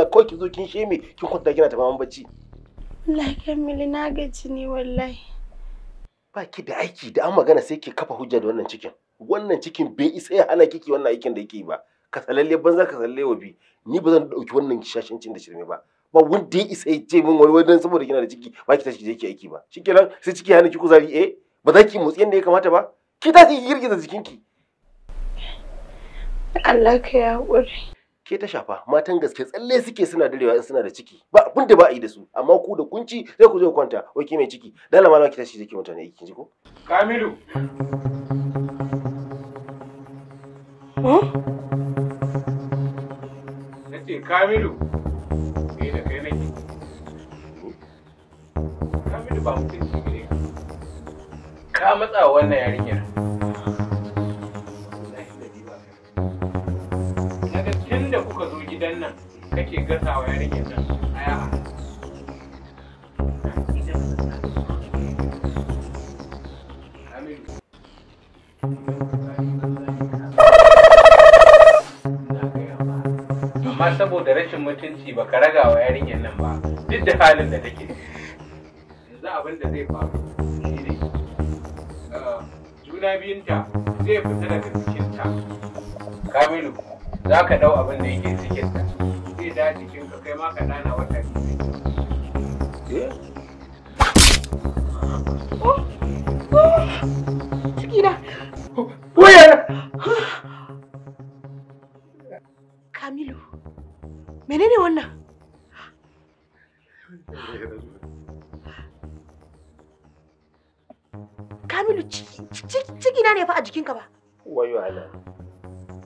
zauna ko ki zo kin sheme ki kwanta kina tafaman bacci wallahi kamili na gaji ne wallahi ba ki da aiki da an magana sai ki kafa hujja da wannan cikin wannan cikin bai isa ya hana kiki wannan aikin da yake ba ka salalle banza ka salalle wabi ni ba zan dauki wannan shashancin da shirme ba ba wanda ya isa ya ce min wai wai dan saboda kina da ciki ba ki tashi ki je ki aiki ba shikenan sai ciki hana ki kuzari eh ba za ki motsi yadda ya kamata ba ki tashi ki girgiza jikinki Allah ka ya hakuri. ke ta shafa matan gaske tsalle suke suna darewa in suna da ciki ba abin da ba a yi da su amma ku da kunci sai ku zo kwanta wai ke mai ciki dala ma ki tashi jiki mutane yake ji ko Kamilu Nace Kamilu ni da kai nake Kamilu ba mutum ne ka matsa wannan yarinyar gidan nan kake gasa wa yarinyar nan a aya amma saboda rashin mutunci ba ka raga wa yarinyar nan ba duk da halin da take yanzu abin da zai faru shine uh, juna biyunta zai fita daga cikinta kamilu za ka dau abin da yake cikin ka. zai da jikin ka kai ma ka dana wata Cikina! Waya! Kamilu, menene wannan? Kamilu, cikina ne fa a jikinka ba. Wayo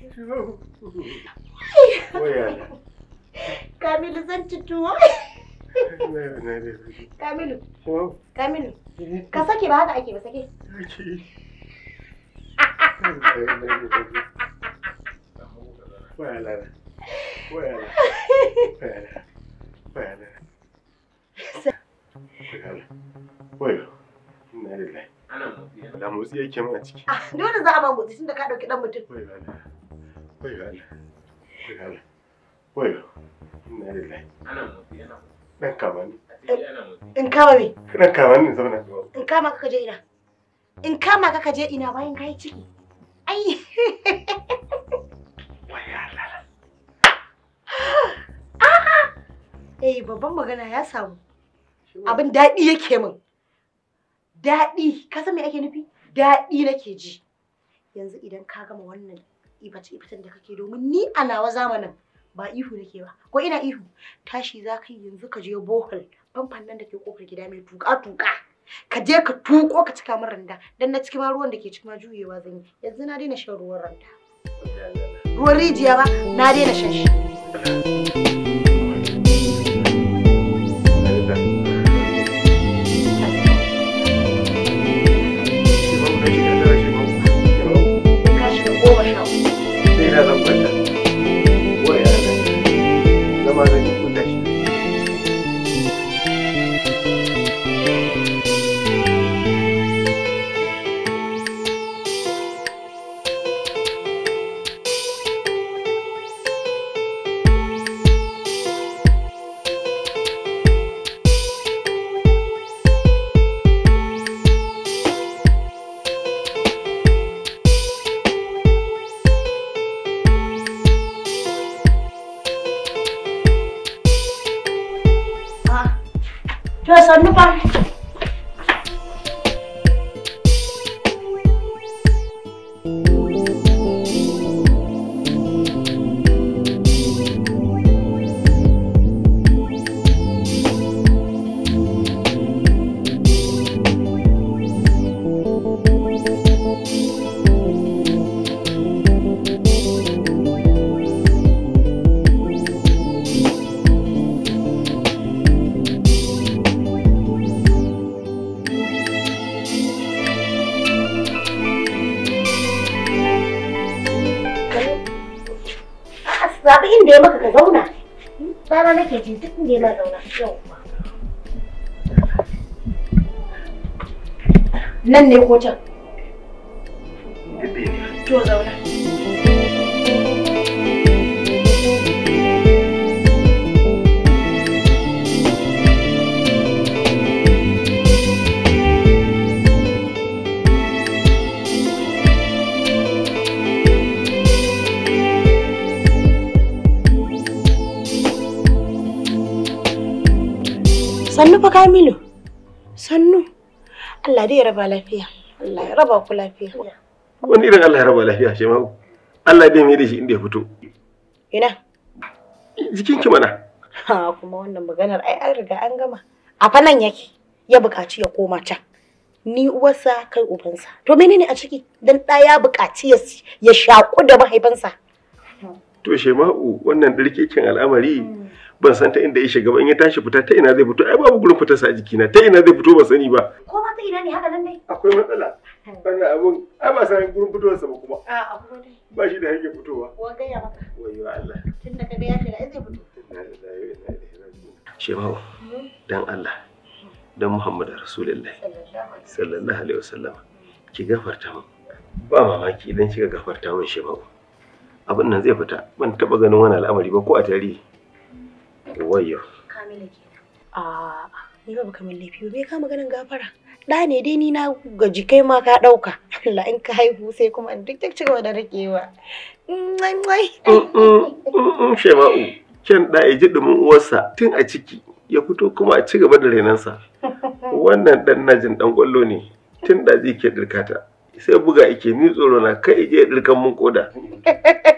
Kamilu Ana a ciki. Ah, dole za a ba ka ɗauki ɗan mutum. Wai Allah. Wai ga Allah. Wai ga. Inna lillahi. Ana motsi ana motsi. Dan kama In kama me? Dan In kama ka ina. ciki. Ai. Wai Eh babban magana ya samu. Abin daɗi yake min. Daɗi, ka san me ake nufi? Daɗi nake ji. Yanzu idan ka gama wannan ibace ibatan da kake domin ni a nawa zamanin ba ihu nake ba ko ina ihu tashi za ka yanzu ka je bohol famfan nan da ke kofar gida mai tuka tuka ka je ka tuko ka cika min randa dan na ciki ma ruwan da ke cikin ma juyewa zan yi yanzu na daina shan ruwan randa ruwan rijiya ba na daina shan shi सन्नुपर्ने inda maka ka zauna nake ma zauna yau nan ne ko can to zauna Kamilu. Sannu. Allah dai ya raba lafiya. Allah ya raba ku lafiya. Wani irin Allah ya raba lafiya shi ma'u. Allah dai mai da shi inda ya fito. Ina? Jikinki mana. Ha kuma wannan maganar ai an riga an gama. A fa nan yake ya buƙaci ya koma can. Ni uwarsa kai ubansa. To menene a ciki? Dan ɗa ya buƙaci ya shaƙu da mahaifinsa. To Shema'u wannan ɗarkekin al'amari hmm. ban san ta inda ya shiga ba in ya tashi fita ta ina zai fito ai babu gurin fitarsa a jikina ta ina zai fito ba sani ba ko ma ta ina ne haka nan dai akwai matsala wannan abun ai ba san gurin sa ba kuma a akwai dai ba shi da hanyar fitowa wa gaya maka wayo Allah tun da ga ya shiga ai zai fito Shebawo dan Allah dan Muhammad Rasulullahi sallallahu alaihi wasallam ki gafarta mu ba mamaki idan kika gafarta min Shebawo abin nan zai fita ban taba ganin wani al'amari ba ko a tarihi Wayo. Kamila kenan. A'a, ni ba baka laifi ba, me ka maganin gafara? ɗa ne dai ni na gaji kai ma ka ɗauka Allah in ka haihu sai kuma in duk ci gaba da rikewa mm, mm, mm, shema'u kyan ɗa ya ji ɗumin uwarsa tun a ciki ya fito kuma a ci gaba da renansa wannan ɗan najin ɗan kwallo ne tun da zai ke ɗirkata sai buga ike ni tsoro na kai je ɗirkan mun koda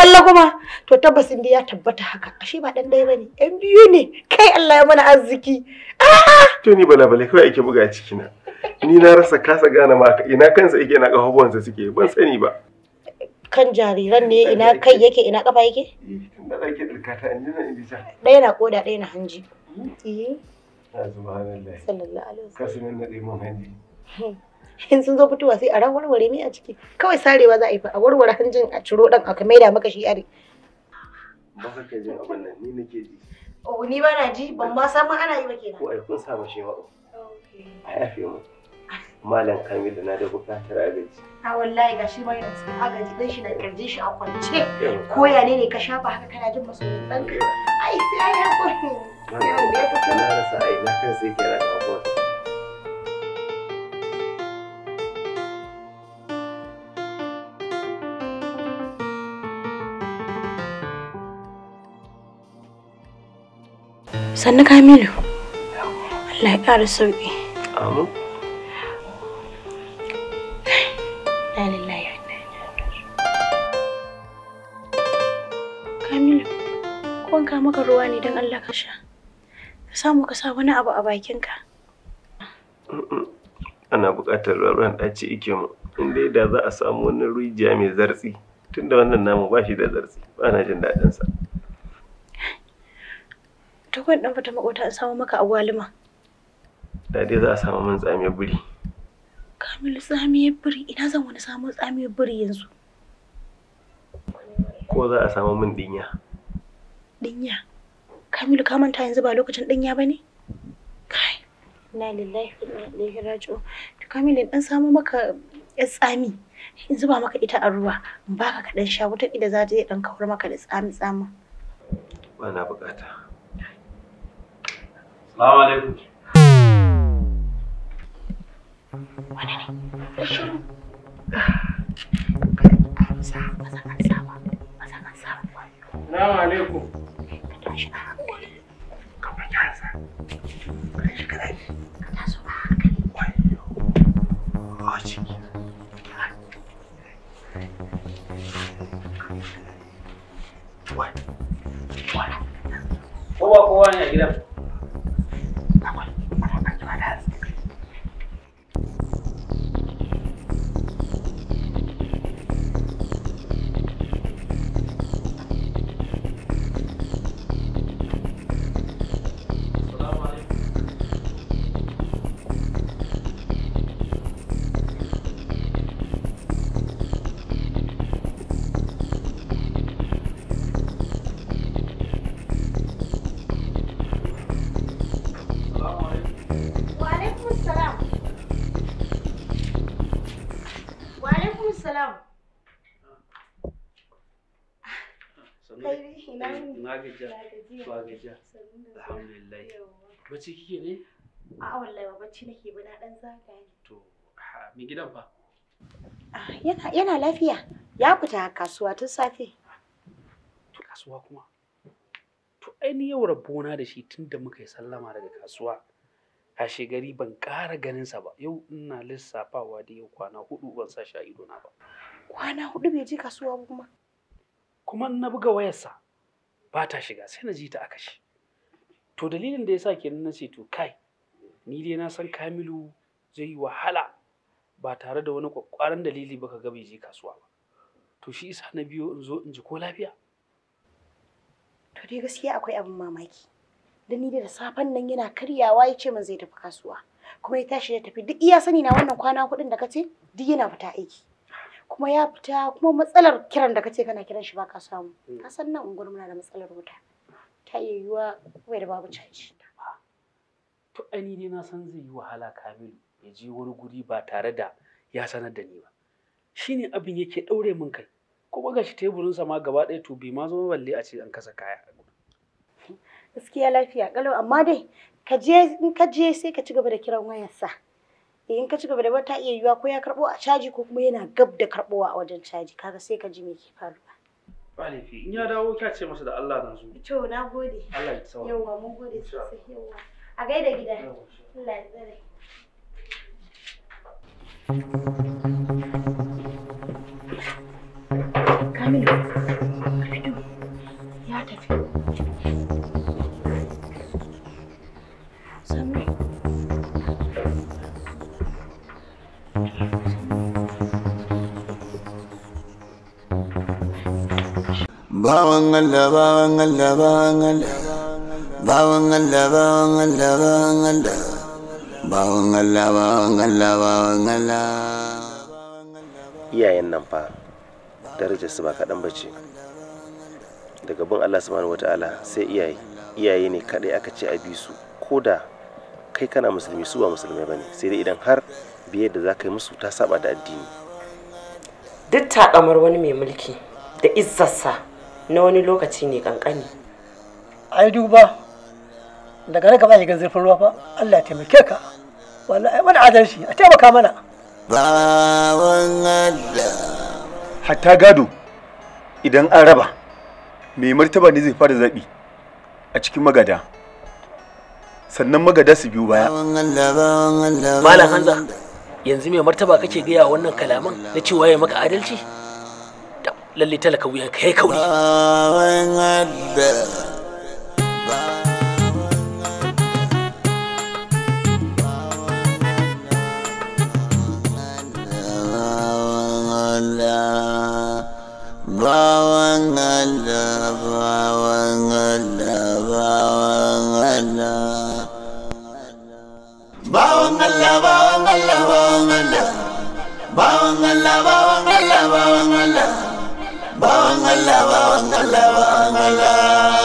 kwallo kuma to tabbas in ya tabbata haka ashe ba dan dai bane yan biyu ne kai Allah ya mana arziki ah! to ni bala bala kai ake buga ciki na ni na rasa kasa gane ma ina kansa yake ina kafafuwansa suke ban sani ba kan jariran ne ina kai yake ina kafa yake eh, tunda zake dukata in ji na in ji ɗaya na koda ɗaya na hanji hmm? eh ah, subhanallah sallallahu alaihi wasallam kasu kasumin na dai mun hanji hmm. in sun zo fitowa sai a ran warware me a ciki kawai sarewa za a yi fa a warware hanjin a ciro dan aka maida maka shi are ba ka ke jin abin nan ni nake ji oh ni ba na ji ban ba san ma ana yi ba kenan ko ai kun sa ba shi ma okay a yafe mu malam kamil na da bukatar agaji a wallahi ga shi ma yana cikin agaji dan shi na kirje shi a kwance ko ya ne ne ka shafa haka kana jin masoyin ɗanka ai sai ya hakuri yau ne ya fito na rasa ai na kan sai ke rasa abuwa sannu kamilu allah ya ƙara sauƙi amin kamilu wanka maka ruwa ne don allah ka sha ka samu ka sa wani abu a bakinka ana buƙatar ruwan ɗaci ike mu inda da za a samu wani rijiya mai zartsi tunda wannan namu ba shi da zartsi ba na jin daɗinsa duk wani dan fata makota an samu maka agwaluma da dai za a samu min tsamiyar buri Kamilu tsamiyar buri ina zan wani samu tsamiyar buri yanzu ko za a samu min dinya dinya Kamilu ka manta yanzu ba lokacin dinya bane kai na lillahi wa ilaihi raji'un to Kamilu dan samu maka ya tsami in zuba maka ita a ruwa in baka ka dan sha wata ida za ta iya dan kawar maka da tsami tsami ba na bukata Salamu alaikum. Salamu alaikum. Kowa kowa ne a gidan. ba gajiya alhamdulillah bacci kike ne a wallahi ba bacci nake ba na dan zaga ne to me gidan fa ah, yana yana lafiya ya fita kasuwa tun safe To kasuwa kuma to ainihin yau rabona da shi tun da muka yi sallama daga kasuwa kashe gari ban ƙara ganinsa ba yau ina lissafawa da yau kwana hudu ban sa shi a idona ba kwana hudu bai je kasuwa kuma kuma na buga wayarsa ba ta shiga sai na ji ta aka shi to dalilin da ya sa kenan na ce to kai ni dai na san kamilu zai yi wahala ba tare da wani kwakwaran dalili ba ka ga bai je kasuwa ba to shi isa na biyo in zo in ji ko lafiya to dai gaskiya akwai abin mamaki da ni da safen nan yana karyawa ya ce min zai tafi kasuwa kuma ya tashi ya tafi duk iya sani na wannan kwana kuɗin da ka ce duk yana fita aiki kuma ya fita kuma matsalar kiran da kace kana kiran shi ba ka samu hmm. ka san nan unguwar muna da matsalar wuta ta yiwuwa da babu caji to ani ne na san zai yi wahala kamilu ya je wani guri ba tare da ya sanar da ni ba shine abin yake daure min kai kuma gashi sa ma gaba ɗaya to bai ma zama balle a ce an kasa kaya gaskiya lafiya kalau amma dai ka in ka je sai ka ci gaba da kiran wayar sa in ka ci gaba da ta iya yiwuwa ko ya karbo a caji ko kuma yana gab da karbowa a wajen caji kaga sai ka ji me ke faruwa ba laifi in ya dawo kya ce masa da Allah na zo to na gode Allah ya tsawa yawa mun gode sosai yawa a gaida gida Allah ya tsare Kamilu, ya tafi. ഭാവങ്ങല്ല ഭാവങ്ങല്ല ഭാവങ്ങല്ല ഭാവങ്ങല്ല ഭാവങ്ങല്ല ഭാവങ്ങല്ല ഭാവങ്ങല്ല ഭാവങ്ങല്ല ഭാവങ്ങല്ല iyayen nan fa darajarsu ba kaɗan ba ce daga bin allah subhanahu wata'ala sai iyaye iyaye ne kaɗai aka ce a bi su ko da kai kana musulmi su ba musulmai ba ne sai dai idan har biye da za ka yi musu ta saba da addini duk taƙamar wani mai mulki da izzarsa na wani lokaci ne kankani ai duba daga raka ba shiga zurfin ruwa fa Allah ya taimake ka wallahi mana adalci a taimaka mana bawan Allah hatta gado idan an raba mai martaba ne zai fara zabi a cikin magada sannan magada su biyu baya malam hanza yanzu mai martaba kake gaya wannan kalaman na cewa ya maka adalci lalle talaka wuyan ka yayi kauri Bawan Allah, bawan Allah, bawan Allah. Bawan Allah, bawan Allah, bawan Allah. Bawan Allah, bawan Allah, bawan Allah. വാങ്ങല്ല വാങ്ങല്ല വാങ്ങല്ല